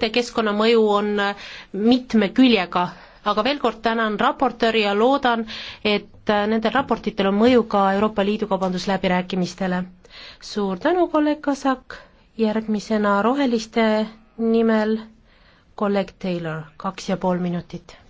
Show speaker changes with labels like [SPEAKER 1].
[SPEAKER 1] nende keskkonnamõju on mitme küljega. aga veel kord tänan raportööri ja loodan, et nendel raportitel on mõju ka Euroopa Liidu kaubandusläbirääkimistele. suur tänu, kolleeg Kasak, järgmisena Roheliste nimel kolleeg Taylor, kaks ja pool minutit